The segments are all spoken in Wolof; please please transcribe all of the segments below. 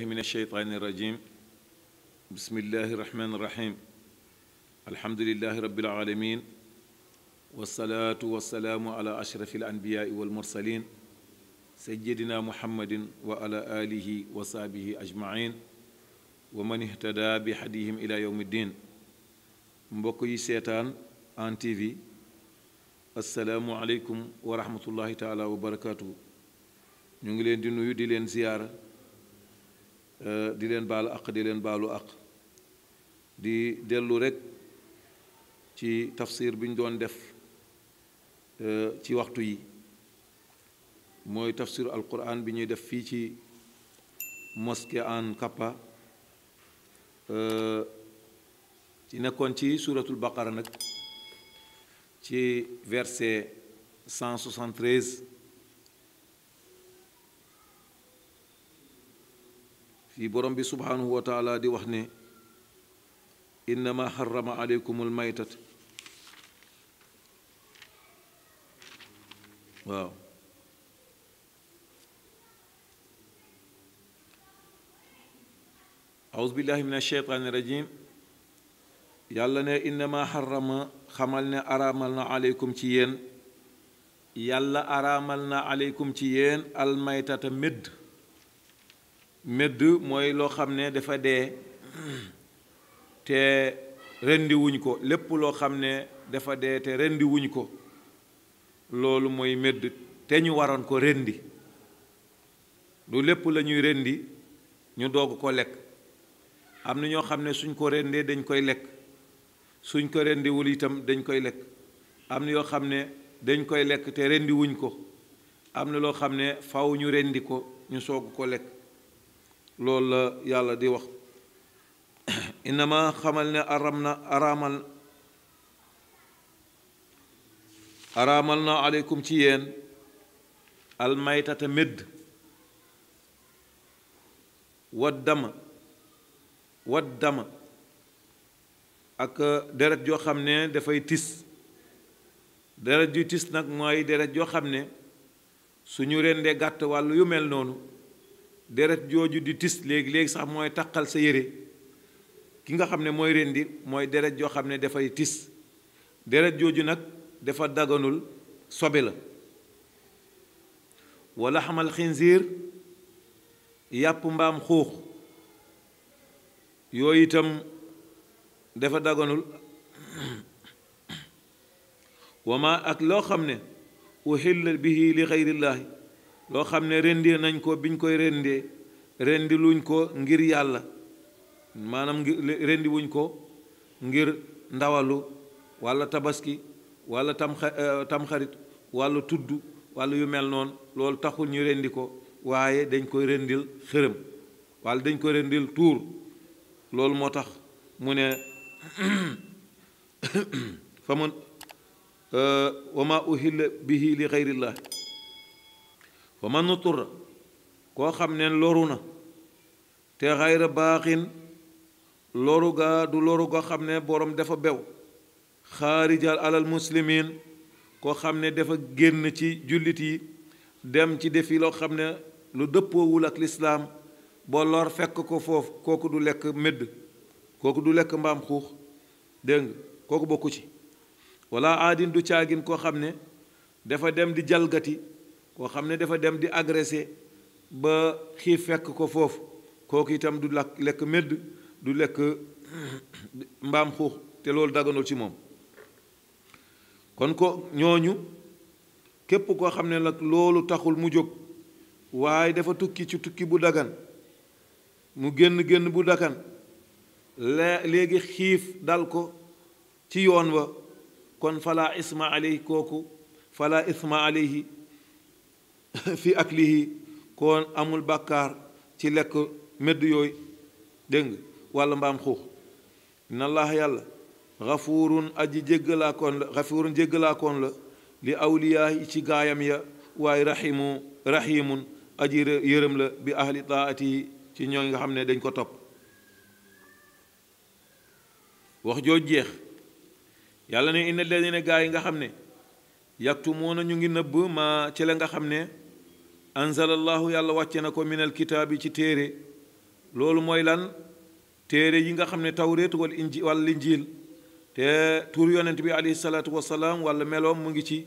بالله من الشيطان الرجيم بسم الله الرحمن الرحيم الحمد لله رب العالمين والصلاة والسلام على أشرف الأنبياء والمرسلين سيدنا محمد وعلى آله وصحبه أجمعين ومن اهتدى بحديهم إلى يوم الدين مبقي سيتان آن تي في السلام عليكم ورحمة الله تعالى وبركاته ñu ngi leen di nuyu di leen ziyaara Euh, di leen baalu àq di leen baalu àq di dellu rekk ci tafsir bi ñu doon def euh, ci waxtu yi mooy tafsir alquran bi ñuy def fii ci mosquée en Kappa euh, ci nekkoon ci suratul baqara nag ci verset 173 fii borom bi subhaanahu wa taala di wax ne innama xarama aleykumul maytat waaw aus billahi min asheytaani rajim yàlla ne innama xarama xamal ne araamal na aleykum ci yéen yàlla araamal na aleykum ci yéen almaytata médd medd mooy loo xam ne dafa dee te rendi ko lépp loo xam ne dafa dee te rendi ko loolu mooy médd te ñu waroon ko rendi lu lépp la ñuy rendi ñu doog ko lekk am na ñoo xam ne suñ ko rendee dañ koy lekk suñ ko rendiwul itam dañ koy lekk am na yoo xam ne dañ koy lekk te rendi ko am na loo xam ne faw ñu rendi ko ñu soog ko lekk loolu la yàlla di wax innama xamal ne aram na araamal araamal na aleykum ci yéen almaytata médd waddama waddama ak deret joo xam ne dafay tis deret ju tis nag mooy deret joo xam ne suñu rendee gàtt wàllu yu mel noonu deret joju di tis leg leg sax moy takal sa yére ki nga xamne moy rendi moy deret jo xamne da fay tis deret jooju nag dafa daganul sobe la wala hamal khinzir yap mbam khukh yoy itam dafa daganul wama ak lo xamne uhil bihi li xeyrillaahi loo xam ne rendi nañ ko biñ koy rendee rendiluñ ko ngir yàlla maanaam rendi wuñ ko ngir ndawalu walla tabaski walla eh, tamxarit walla tudd walla yu mel noonu loolu taxul ñu rendi ko waaye dañ koy rendil xërëm walla dañ koy rendil tuur loolu moo tax mu ne fa man eh, wa ma uhilla bihi li fa man nutura koo xam ne loru na te xayra baaxin loru ga du loru goo xam ne boroom dafa bew xaarijal alal muslimin koo xam ne dafa génn ci jullit yi dem ci defi loo xam ne lu dëppoowul ak lislaam boo lor fekk ko foofu kooku du lekk médd kooku du lekk mbaam xuux dégg nga kooku bokku ci wala aadin du caagin koo xam ne dafa dem di jalgati koo xam ne dafa dem di agressé ba xiif fekk ko foofu kooku itam du lakk lekk medd du lekk mbaam xuux te loolu daganul ci moom kon ko ñooñu képp koo xam ne nag loolu taxul mu jóg waaye dafa tukki ci tukki bu dagan mu génn génn bu dagan léegi xiif dal ko ci yoon wa kon fala isma aleyhi kooku fala isma aleyhi fi ak lii kon amul bàkkaar ci lekk medd yooyu dégg walla mbaam xuux inna yàlla xafuurun aji jéggalaakoon la xafuurun jéggalaakoon la li awliyaa ci gaayam ya waaye raximu raximun aji yërëm la bi ahli taati ci ñoo nga xam ne dañ ko topp wax jooj jeex yàlla na inna ladina gaa yi nga xam ne yaktumuuna ñu ngi nëbb ma ci la nga xam ne anzalallahu yàlla wàcce na ko minal kitaabi ci téere loolu mooy lan téere yi nga xam ne tawreet wal inji wal linjiil te tur yonent bi alayhi salaatu wasalaam wala meloom mu ngi ci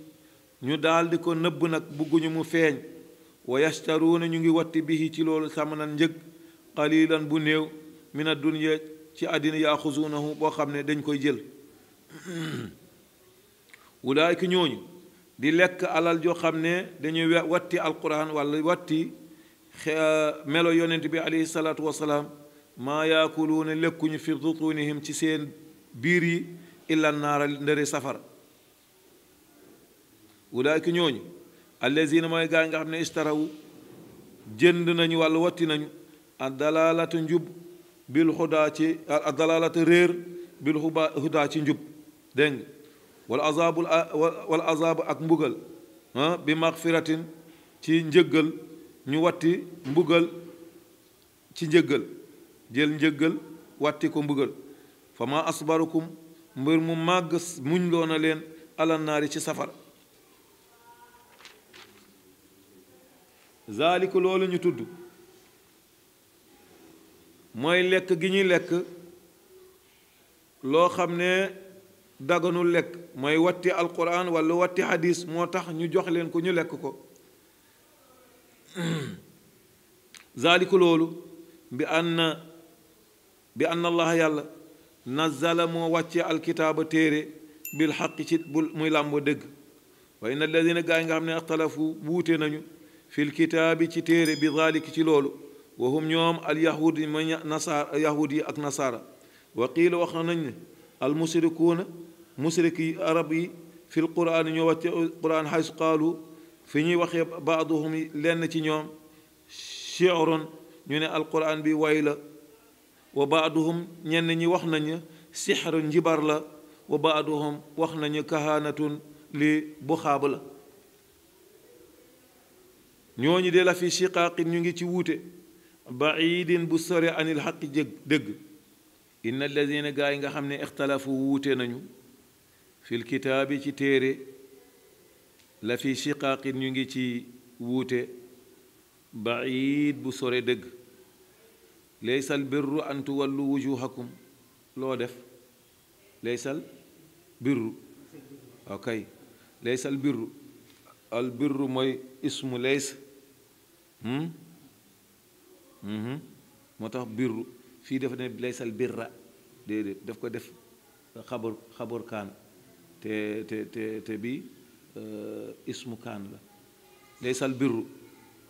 ñu daldi ko nëbb nag bugguñu mu feeñ wa yastaruuna ñu ngi watti bihi ci loolu samanan njëg qalilan bu néew min ad dunya ci àddina yaaxuzunahu boo xam ne dañ koy jël wulaay ki ñooñu di lekk alal joo xam ne dañuy watti alquran wala watti melo yonent bi aleyhi salaatu wasalaam maa yaakuluuna lekkuñu fi butunihim ci seen biir yi illa naara ndëri safara ulaayka ñooñu allazina mooy gaa nga xam ne istarawu jënd nañu walla watti nañu addalalata njub bil xudaa ci addalalata réer bil xudaa ci njub dégg wal azaabul wal ak mbugal bi maxfiratin ci njëggal ñu watti mbugal ci njëgal jël njëgal watti ko mbugal fa ma mbir mu màgg muñ loo na leen alannaari ci safara zaaliku loolu ñu tudd mooy lekk gi ñuy lekk loo xam ne daganul lekk mooy watti alquran walla watti hadis moo tax ñu jox leen ko ñu lekk ko zaaliku loolu bi ann bi ann allah yàlla nazala moo wàcce alkitaaba téere bil xaq ci bu muy làmboo dëgg wa inna alladina gaa yi nga xam ne ixtalafu nañu fil kitaabi ci téere bi zaaliki ci loolu wa hum ñoom al yahud yi mooy nasaara yahud yi ak nasaara wa qiila wax nañ al musrikuuna مشركي عربي في القران نيوتي القران حيث قالوا في ني بعضهم لن تي نيوم شعر ني القران بي ويلا وبعضهم نين ني واخنا ني سحر نجبر لا وبعضهم واخنا ني كهانه لبخاب لا نيوني دي لا في شقاق نيغي تي ووتي بعيد بصري عن الحق دغ ان الذين غايغا خامني اختلفوا ووتي نانيو fil kitaabi ci téere la fi siqaqin ñu ngi ci wuute baid bu sore dëgg leysal birru an tuwallu wujuhakum loo def leysal birru ok leysal birru al birru mooy ismu leys hmm? hmm? moo tax birru fii dafa ne leysal birra déedéet daf ko def xabar xabar kaana te te te te bii euh, ismu kaan la laysal birru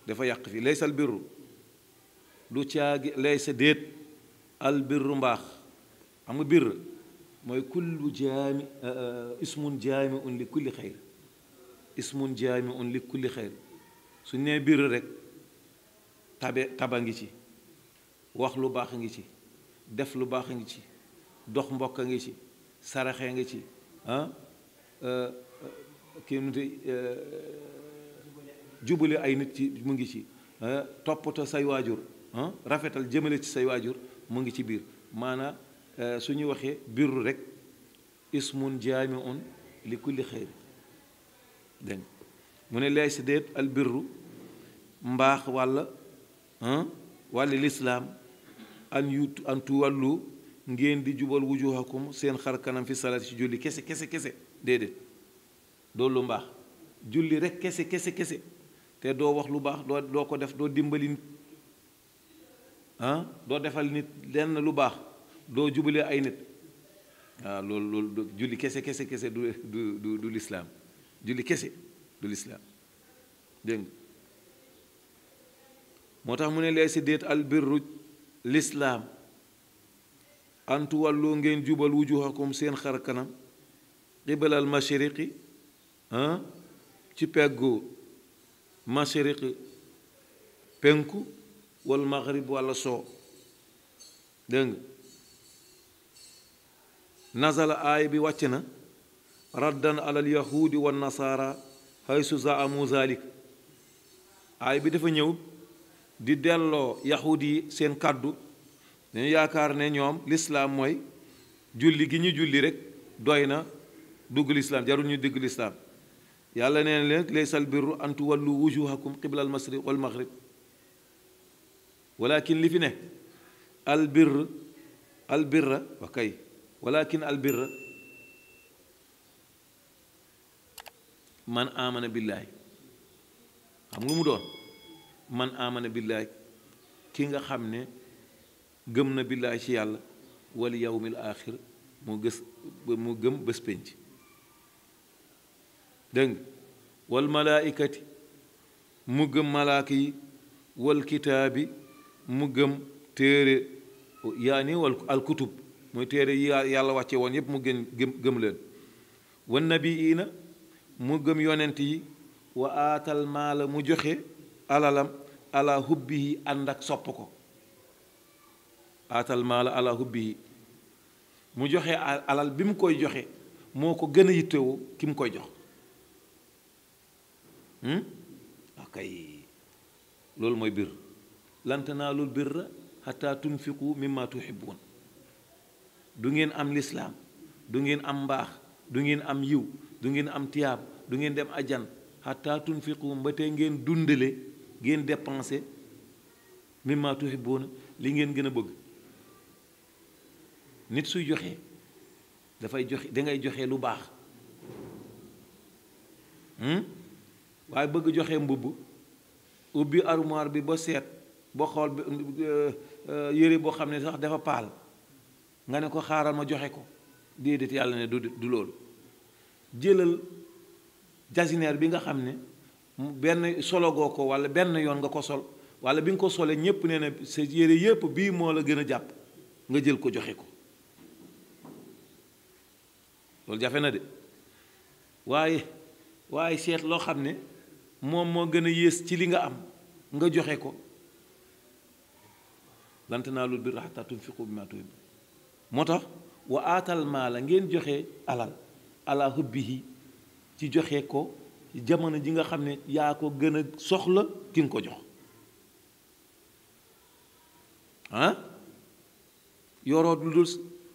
dafa yàq fii laysal birru lu caagi laysa déet al birru mbaax xam nga birr mooy kullu jaami euh, ismun jaami un li kulli xayr ismun jaami un li kulli xayr su nee birr rek tabe a ngi ci wax lu baax ngi ci def lu baax ngi ci dox mbokk a ngi ci saraxe ngi ci ah? kii nu te eh, jubale ay nit ci mu ngi ci eh, toppatoo say waajur eh, rafetal jëmale ci say waajur mu ngi ci biir maanaa su ñu waxee birru rekk ismun jaamiun li kulli xeyr dégg mu ne lay si déet al birru mbaax wàlla walla lislaam an yu an wàllu ngeen di jubal wujuhakum seen xar kanam fi salaat ci julli kese kese kese dede do lu julli rek kese kese kese te do wax lu bax do do ko def do dimbali nit ah defal nit lu ay nit Ah julli du du du julli du l'islam. أن تولوا نجين جبل وجوهكم سين خركنا قبل المشرق ها تبقوا مشرق بنكو والمغرب ولا سو دنج نزل آية بواتنا ردا على اليهود والنصارى حيث زعموا ذلك آية بدفن يوم دي دلو يهودي سين كادو dañu yaakaar ne ñoom l'islam mooy julli gi ñu julli rek doy na dugg lislaam jarul ñu dugg l'islam yàlla nee na leen laysal birru an tuwallu wujuhakum qibla al wal maghrib walakin li fi ne al birr al birra wa kay walakin al birr man amana billahi xam nga mu doon man amana billahi ki nga xam ne gëm na billaay ci yàlla wal yawmil aaxir mu gës mu gëm bés pénc wal malaaykati mu gëm malaaka yi wal kitaabi mu gëm téere yaa ni wal alkutub muy téere yi yàlla wàcce woon yépp mu gën gëm gëm leen wan nabiyiina mu gëm yonent yi wa aatal maala mu joxe alalam ala hubbihi ànd ak sopp ko aatal la ala bii mu joxe alal bi mu koy joxe moo ko gën a yittewoo ki mu koy jox akay hmm? loolu mooy bir lan tanaalul birra xataa tunfiqu mimma tuxibuun du ngeen am lislaam du ngeen am mbaax du ngeen am yiw du ngeen am tiyaab du ngeen dem ajan xataa tunfiqu mbatee ngeen dundale ngeen dépensé mimma tuxibuuna li ngeen gën a bëgg nit suy joxe dafay joxe dangay joxe lu baax hmm? waaye bëgg joxe mbubb ubbi armoire bi ba seet ba xool euh, euh, yére boo xam ne sax dafa paal nga ne ko xaaral ma joxe ko déedéet yàlla ne du du loolu jëlal jasineer bi nga xam ne benn sologoo ko wala benn yoon nga ko sol wala bi nga ko solee ñépp nee na sa yére yépp bii moo la gën a jàpp nga jël ko joxe ko loolu jafe na de waaye waaye seet loo xam ne moom moo gën a yées ci li nga am nga joxe ko lan tanaalul birra hattaa tunfiqu mimmaa tuhibbuun moo tax wa aatal la ngeen joxe alal ala hubbihi ci joxe ko jamono ji nga xam ne yaa ko gën a soxla ki nga ko jox ah yoroo lu dul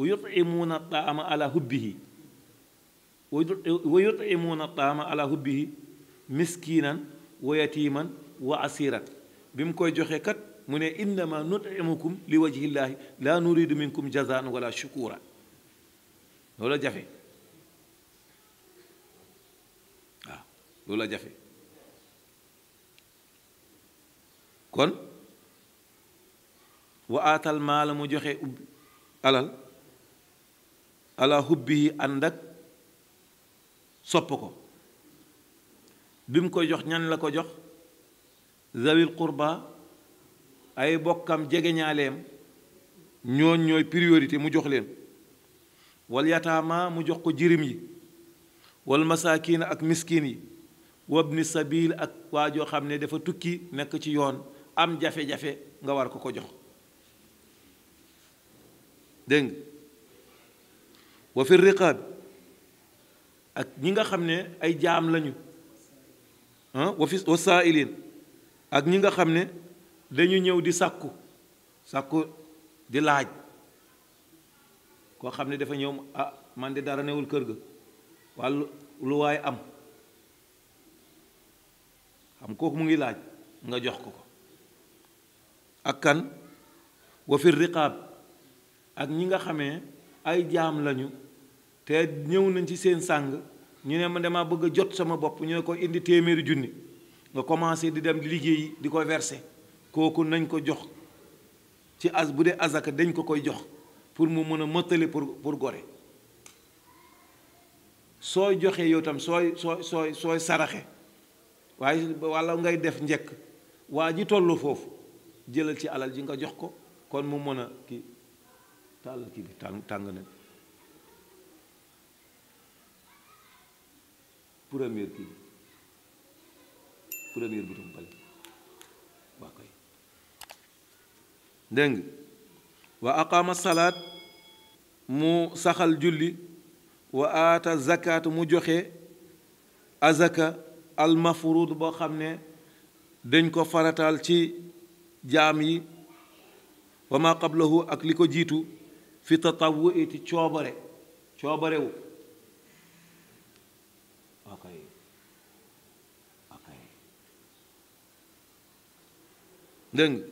ويطعمون الطعام على حبه ويطعمون الطعام على حبه مسكينا ويتيما وعسيرا بمكوي جوخي كات من انما نطعمكم لوجه الله لا نريد منكم جزاء ولا شكورا لولا جافي آه. لولا جافي كون وآتى المال مجوخي ألال ala hubbi ànd ak sopp ko bi mu ko jox ñan la ko jox zawil qurba ay bokkam jegeñaaleem ñooñ ñooy priorité mu jox leen wal yataama mu jox ko jirim yi wal masaakiin ak miskin yi wabni sabil ak waa joo xam ne dafa tukki nekk ci yoon am jafe-jafe nga war ko ko jox dégg nga wa fi riqaab ak ñi nga xam ne ay jaam lañu ah, wa fi wa ak ñi nga xam ne dañu ñëw di sàkku sàkku di laaj koo xam ne dafa ñëw ah man di dara newul kër ga wàllu lu waay am xam kooku mu ngi laaj nga jox ko ko ak kan wa fi riqaab ak ñi nga xamee ay jaam lañu te ñëw nañ ci seen sàng ñu ne ma dama bëgg a jot sama bopp ñu ne ko indi téeméeri junni nga commencé di dem liggéey di ko verser kooku nañ ko jox ci as bu dee azaka dañ ko koy jox pour mu mën a mëttale pour pour gore sooy joxe yow tam sooy sooy sooy sooy saraxe waaye walla ngay def njëkk waa ji tollu foofu jëlal ci alal ji nga jox ko kon mu mën a ki tàll kii bi tàng tàng na waa aqaama salaat mu saxal julli wa aata zakat mu joxe azaka almafruud boo xam ne dañ ko faratal ci jaam yi wa ma qablahu ak li ko jiitu fi tatawu ci coobare coobare wu ok ok dégg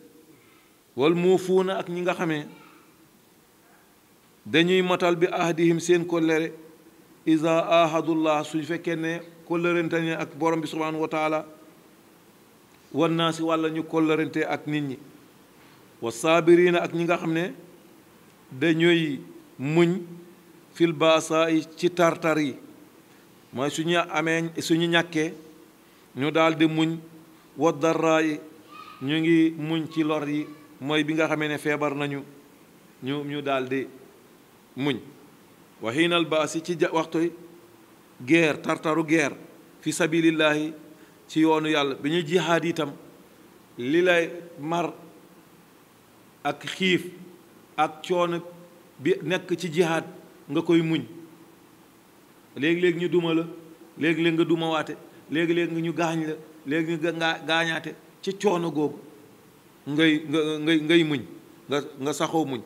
ak ñi nga xamee dañuy matal bi ahdihim seen kóllëre isa ahadullah suñ fekkee ne kóllërente ne ak borom bi subhanahu wa taala wan naa si wàlla ñu kóllërente ak nit ñi wa saabiriina ak ñi nga xam ne dañuy muñ fil yi ci tartar yi mooy suñu amee ñu daldi muñ wa darra yi ñu ngi muñ ci lor yi mooy bi nga xamee ne feebar nañu ñu daldi muñ wa xiinal baas yi ci waxtu guerre tartaru guerre fi sabilillahi ci yoonu yàlla bi ñuy jihaad itam li lay mar ak xiif ak coono bi nekk ci jihaad nga koy muñ léegi-léeg ñu duma la léegi-léeg nga duma waate léegi-léeg ñu gaañ la léegi nga gaañaate ci coono googu ngay nga ngay ngay muñ nga nga saxoo muñ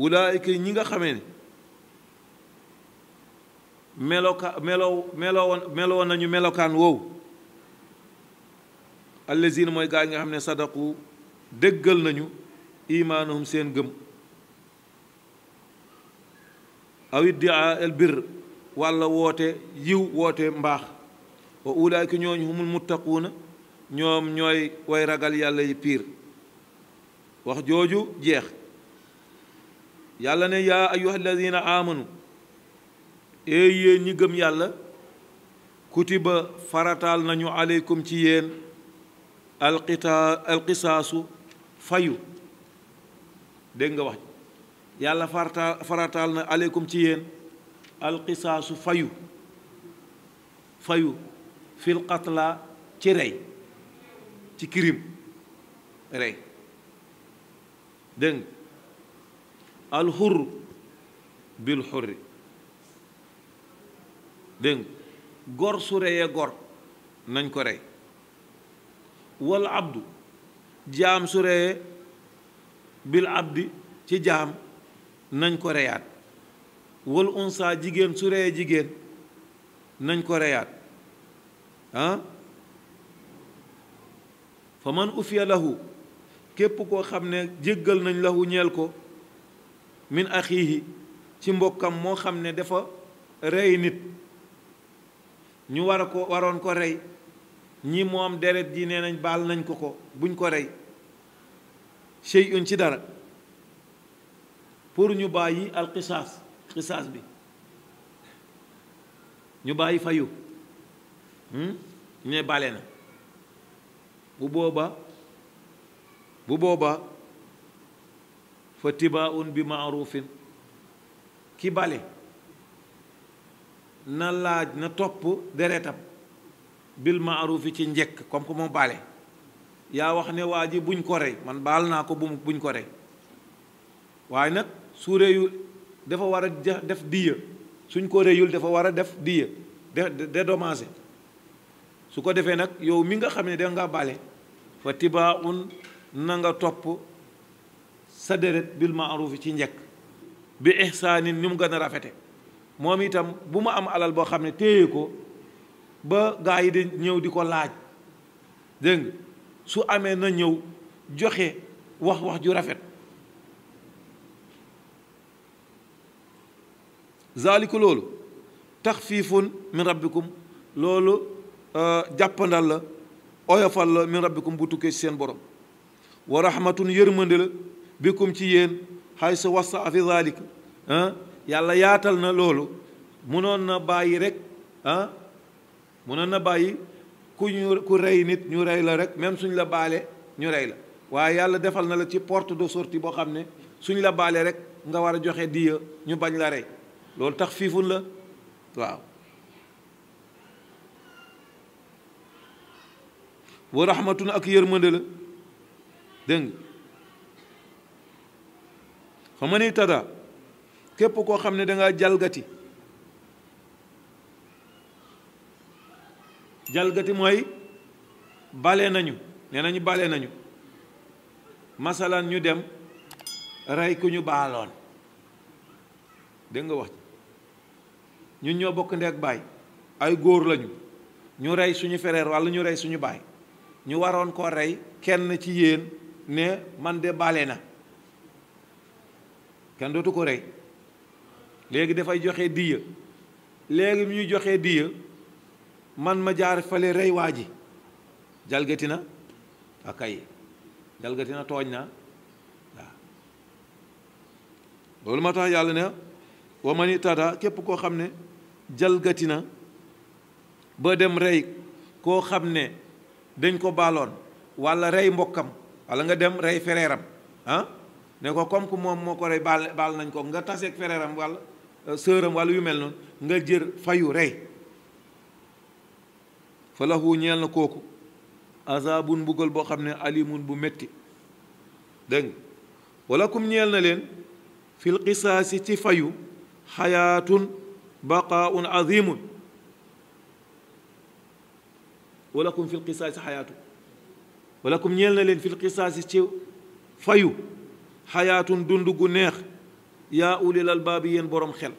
wulaayika ñi nga xamee ne meloka melow melowoon melowoon nañu melokaan woowu allazina mooy gaa nga xam ne sadaqu dëggal nañu imaanum seen gëm aw iddia al walla woote yiw woote mbaax wa ulaayka ñooñu humul muttaquuna ñoom ñooy woy ragal yàlla yi piir wax jooju jeex yàlla ne yaa ayuha alladina eey yéen ñi gëm yàlla kutiba faratal nañu aleykum ci yéen alqita alqisaasu fayu dégg nga wax yàlla farataal na aleykum ci yéen alqisaasu fayu fayu fil qatla ci rey ci crime rey dégg alxur bil xurri dégg gor su reyee gor nañ ko rey wal abdu jaam su reyee bil abdi ci jaam nañ ko reyaat wal unsa jigéen su reyee jigéen nañ ko reyaat ah? fa man ufiya lahu képp koo xam ne jéggal nañ lahu ñeel ko min axiihi ci mbokkam moo xam ne dafa rey nit ñu war a ko waroon ko rey ñii moom deret ji nee nañ baal nañ ko ko buñ ko rey shey un ci dara pour ñu bàyyi alxisaas xisaas bi ñu bàyyi fayu hmm? ñu bale na bu booba bu booba fa tibaun bi maarufin ki bale na laaj na topp deretam bil maarufi ci njëkk comme que bale yaa wax ne waa ji buñ ko rey man baal naa ko bu buñ ko rey waaye nag su réyul dafa war a def diya suñ ko réyul dafa war a def diya de dédommagé su ko defee nag yow mi nga xam ne da nga bale fa tibaa un na nga topp sa deret bil maaruuf ci njekk bi ihsaanin ni mu gën a rafete moom itam bu ma am alal boo xam ne téye ko ba gaa yi di ñëw di ko laaj dégg nga su amee na ñëw joxe wax wax ju rafet ذلك لولو تخفيف من ربكم لولو آه، جابندال لا اويفال من ربكم بوتوك سين بروم ورحمه يرمندل بكم تي يين حيث وصى في ذلك ها آه، يالا ياتالنا لولو منون باي رك ها آه، منون باي كو ري نيت ني ري لا رك ميم سون لا بالي ني ري لا waaye yàlla defal na la ci porte de sortie boo xam ne suñ la nga war joxe diya ñu bañ la rey loolu tax fiifun la waaw wa rahmatun ak yërmande la dégg nga xam ni tada képp koo xam ne dangaa jalgati jalgati mooy bale nañu ne nañu bale nañu masalaan ñu dem rey ku ñu baaloon dégg nga wax ñun ñoo bokk ndey ak baay ay góor lañu ñu rey suñu fereer walla ñu rey suñu baay ñu waroon ko rey kenn ci yéen ne man de bale na kenn dootu ko rey léegi dafay joxe diya léegi mu ñuy joxe diya man ma jaar fale rey waa ji jalgati na akay ah, jalgati na tooñ naa loolu ma tax yàlla ne wa man itada képp koo xam ne jalgati na ba dem rey koo xam ne dañ ko baloon walla rey mbokkam walla nga dem rey fereeram ah ne ko comme que moom moo ko rey baal baal nañ ko nga taseeg fereeram walla euh, sëram walla yu mel noonu nga jër fayu rey fa lahu ñeel na kooku azabun mbugal boo xam ne alimun bu metti dégg nga kum ñeel na leen fil si ci fayu xayaatun بقاء عظيم ولكم في القصاص حياته ولكم نيلنا لين في القصاص تيو فيو حياة دندو نيخ يا أولي الألبابيين بروم خل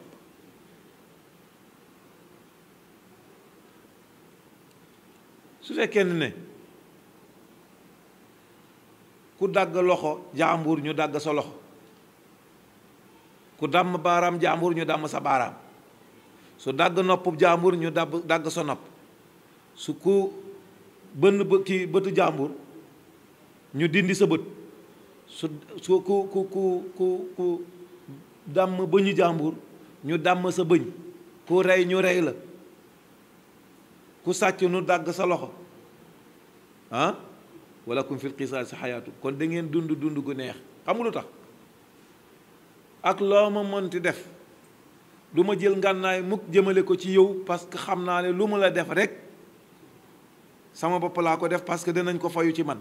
su fekkee ne ku dagg loxo jàmbur ñu dagg sa loxo ku damm baaraam jàmbur ñu damm sa baaraam su dagg nopp nyuda ñu dab suku sa nopp su ku bënn bë ki bëtu jaambur ñu dindi sa bët su ku ku ku ku ku ñu sa bëñ ku rey ñu rey la ku sàcc sa loxo ah wala kum fil qisaasi xayaatu kon da ngeen dund dund gu neex xam nga lu ak loo ma def du ma jël ngànnaay mukk jëmale ko ci yow parce que xam naa ne lu la def rek sama bopp laa ko def parce que danañ ko fayu ci man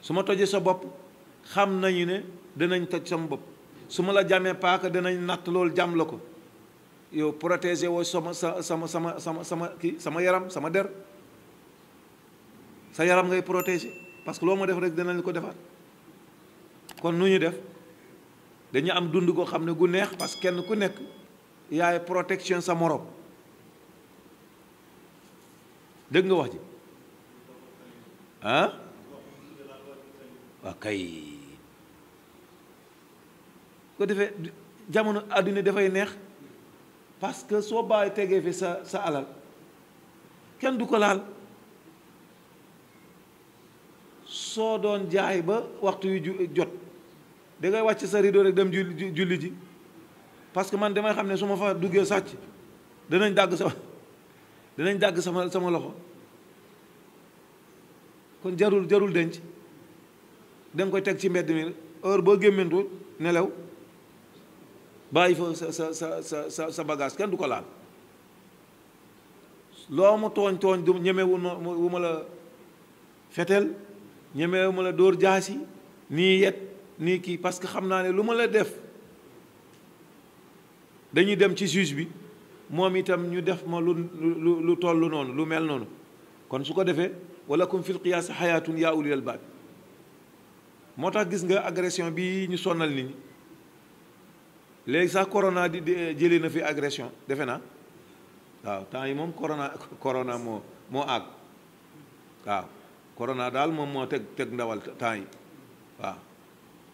su ma tojee sa bopp xam nañu ne danañ toj sama bopp su ma la jàmmee paaka danañ natt loolu la ko yow sama sama sama sama sama sama yaram sama der sa yaram ngay protéger parce que loo ma def rek danañ ko defaat kon nu ñu def dañu am dund goo xam ne gu neex parce kenn ku nekk yaay protection sa morom dégg nga wax ji ah waa kay ko defee jamono àdduna dafay neex parce que soo bàyyi tegee fi sa sa alal kenn du ko laal soo doon jaay ba waxtu yu jot da ngay wàcc sa rideau rek dem julli julli ji parce que man damay xam ne su ma fa duggee sàcc danañ dàgg sama danañ dàgg sama sama loxo kon jarul jarul denc dem koy teg ci mbedd mi heure boo gémmantu nelaw bàyyi fa sa sa sa sa sa bagage kenn du ko laal loo mu tooñ tooñ du ñeme wu ma wu ma la fetel ñeme ma la dóor jaasi nii yet nii kii parce que xam naa ne lu ma la def dañuy dem ci juge bi moom itam ñu def ma lu lu lu toll noonu lu mel noonu kon su ko defee walakum fil qiyaas xayaatun yaa ulil albaab moo tax gis nga agression bi ñu sonnal nit ñi léegi sax corona di jëlee na fi agression defe naa waaw temps yi moom corona corona moo moo àgg waaw corona daal moom moo teg teg ndawal temps yi waaw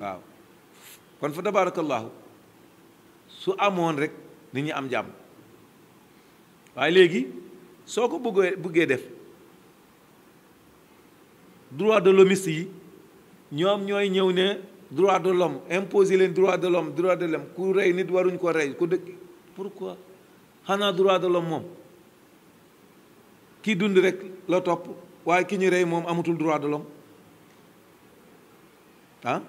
waaw kon fa tabaarakallaahu su amoon rek nit ñi am jàmm waaye léegi soo ko bëggee bëggee def droit de l'hommiste yi ñoom ñooy ñëw ne droit de l'homme imposer leen droit de l'homme droit de l'homme ku rey nit waruñ ko rey ku dëkk pourquoi xanaa droit de l'homme moom ki dund rek la topp waaye ki ñu rey moom amatul droit de l'homme ah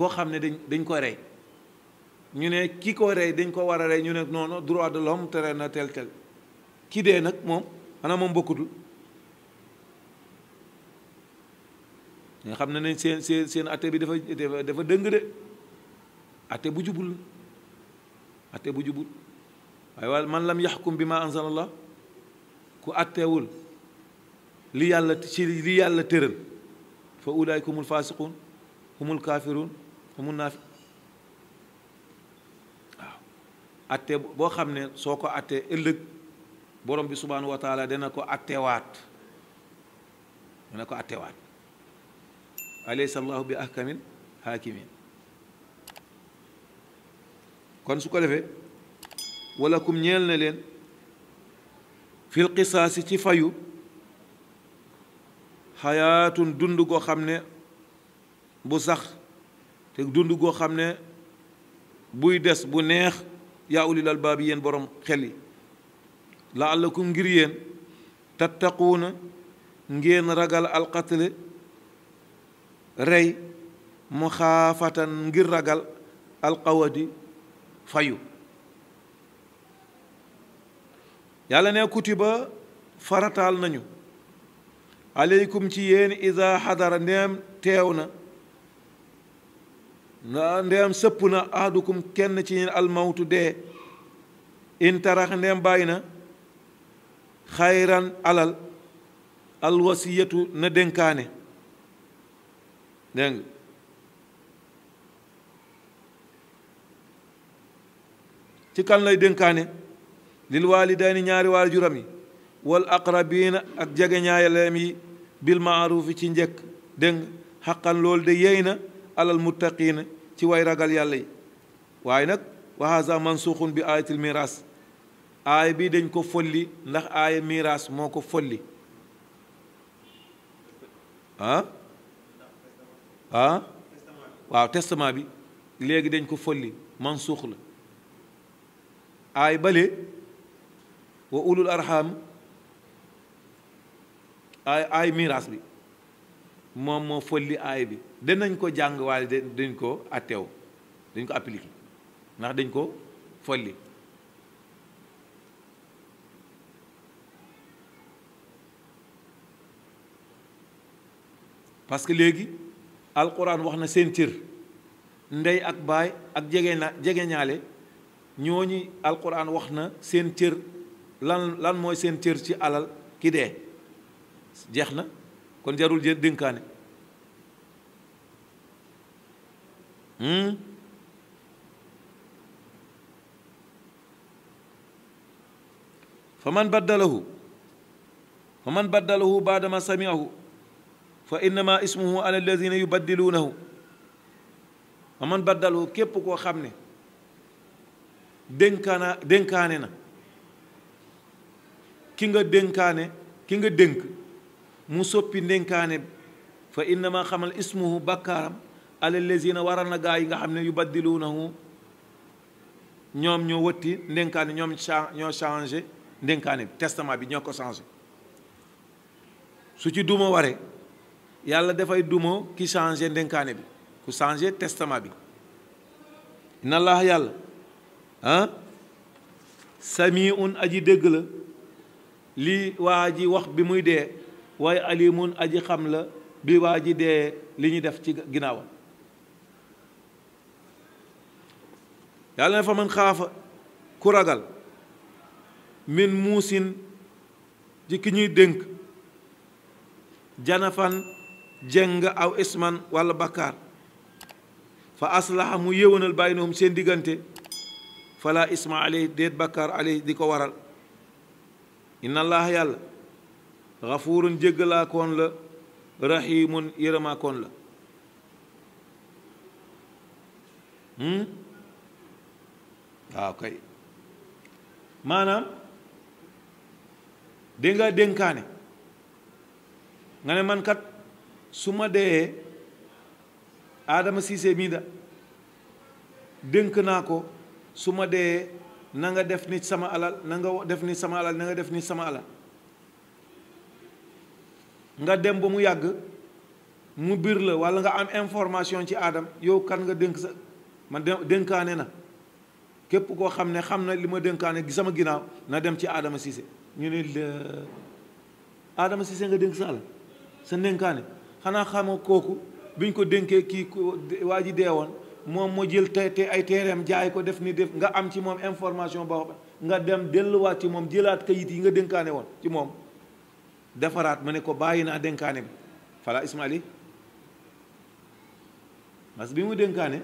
ko xamne dañ dañ ko ray ñu ne ki ko ray dañ ko wara ray ñu ne noonu droit de l'homme tere na tel tel ki de nak mom ana mom bokkutul ñu xamne ne nañ seen seen seen atte bi dafa dafa deung de até bu jubul até bu jubul ay wal man lam yahkum bima anzalallah ku até wul li yàlla ci li yàlla tëral fa ulaayka fasiqun humul kafirun هم النافع atte boo xam ne soo ko attee ëllëg borom bi subhanahu wa taala dana ko attewaat dana ko attewaat alaysa allahu bi ahkamin hakimin kon su ko defee wala kum ñeel na leen fil qisaasi ci fayu xayaatun dund goo xam ne bu sax te dund goo xam ne buy des bu neex yaa ulil albaab yéen borom xel yi laallakum ngir yéen tattaquuna ngeen ragal alqatle rey mu xaafatan ngir ragal alqawadi fayu yàlla ne ba faratal nañu aleykum ci yéen ida xadara ndeem teew na na sëpp na ahadukum kenn ci yéen dee intarax ndeem bàyyi na xayran alal alwasiyatu na dénkaane dégg ci kan lay dénkaane lil waalidayni ñaari waajuram yi wal aqrabiina ak jege yi bil maaruufi ci njëkk dégg xaqan loolu de yéy na alal muttaqiina ci way ragal yàlla yi waaye nag wa haza mansuuxun bi aayatil miras aaya bi dañ ko folli ndax aaya miras moko ko folli ah ah waaw testament bi léegi dañ ko folli mansuux la aay bale wa ulul arham aay aay miras bi moom moo folli aay bi danañ ko jàng waaye dañ ko atteew dañ ko appliqué ndax dañ ko folli parce que léegi alquran wax na seen cër ndey ak baay ak jege na jege ñaale ñooñu alquran wax na seen cër lan lan mooy seen cër ci alal ki dee jeex na kon jarul jë dénkaane Hmm? fa man baddalahu fa man baddalahu baadama samiahu fa innama ismuhu ala alladina yubaddiluunahu fa man baddalahu képp koo xam ne dénkaana dénkaane na ki nga dénkaane ki nga dénk mu soppi ndénkaane fa innama xamal ismuhu bakkaaram alal lazina waral na gaa yi nga xam ne yu baddiluunahu ñoom ñoo wëtti ndénkaane ñoom ñoo changé ndénkaane bi testament bi ñoo ko changé su ci duma waree yàlla dafay duma ki changé ndénkaane bi ku changé testament bi inna allah yàlla ah samiun aji dégg la li waa ji wax bi muy dee waaye alimun aji xam la bi waa ji dee li ñu def ci ginnaawam yàlla ne fa man xaafa ku ragal min muusin ci ki ñuy dénk janafan jeng aw isman walla bakkaar fa aslaha mu yéwénal baynahum seen diggante fala isma aley bakkaar aley di ko waral inna allaah yàlla xafuurun jéggalaakoon la raxiimun yërëmaakoon la hmm? waaw kay maanaam dégg nga dénkaane nga ne man kat su ma dee aadama Cissé mii da dénk naa ko su ma dee na nga def ni sama alal na nga def ni sama alal na nga def ni sama alal nga dem ba mu yàgg mu biir la walla nga am information ci aadam yow kan nga dénk sa man dénkaane na képp koo xam ne xam na li ma dénkaane sama ginnaaw na dem ci Adama Cissé ñu ne Adama Cissé nga dénk sa àll sa dénkaane xanaa xama kooku biñ ko dénkee kii ko waa ji dee woon moom moo jël te ay teereem jaay ko def ni def nga am ci moom information ba nga dem waat ci moom jëlaat kayit yi nga dénkaane woon ci moom defaraat ma ne ko bàyyi naa dénkaane bi fala Ismaali parce que bi mu dénkaane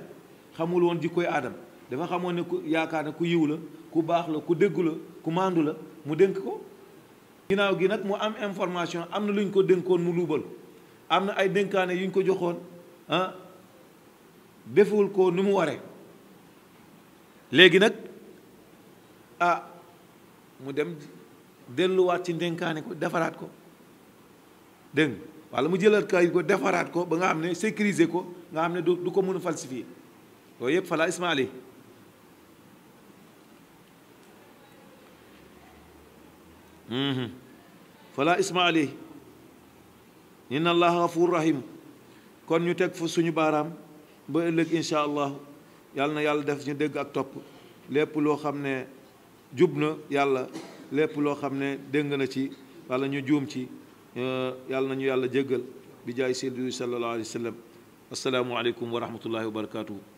xamul woon koy aadam dafa xamoon ne ku yaakaar ne ku yiw la ku baax la ku déggu la ku maandu la mu dénk ko ginnaaw gi nag mu am information am na lu ñu ko dénkoon mu luubal am na ay dénkaane yu ñu ko joxoon ah deful ko ni mu waree léegi nag ah mu dem delluwaat ci dénkaane ko defaraat ko dégg wala mu jëlaat kayit ko defaraat ko ba nga xam ne sécuriser ko nga xam ne du ko mën a falsifier loolu yëpp fala ismaali Mm-hmm. fala isma ali inna allaha gafur rahim kon ñu teg fa suñu baaraam ba ëllëg insha allah yàlla na yàlla def ñu dégg ak topp lépp loo xam ne jub na yàlla lépp loo xam ne dégg na ci wala ñu juum ci euh, yàlla nañu yàlla jéggal bi jaay seydi sallallahu alayhi wa sallam asalaamualeykum wa rahmatullahi wa barakatuhu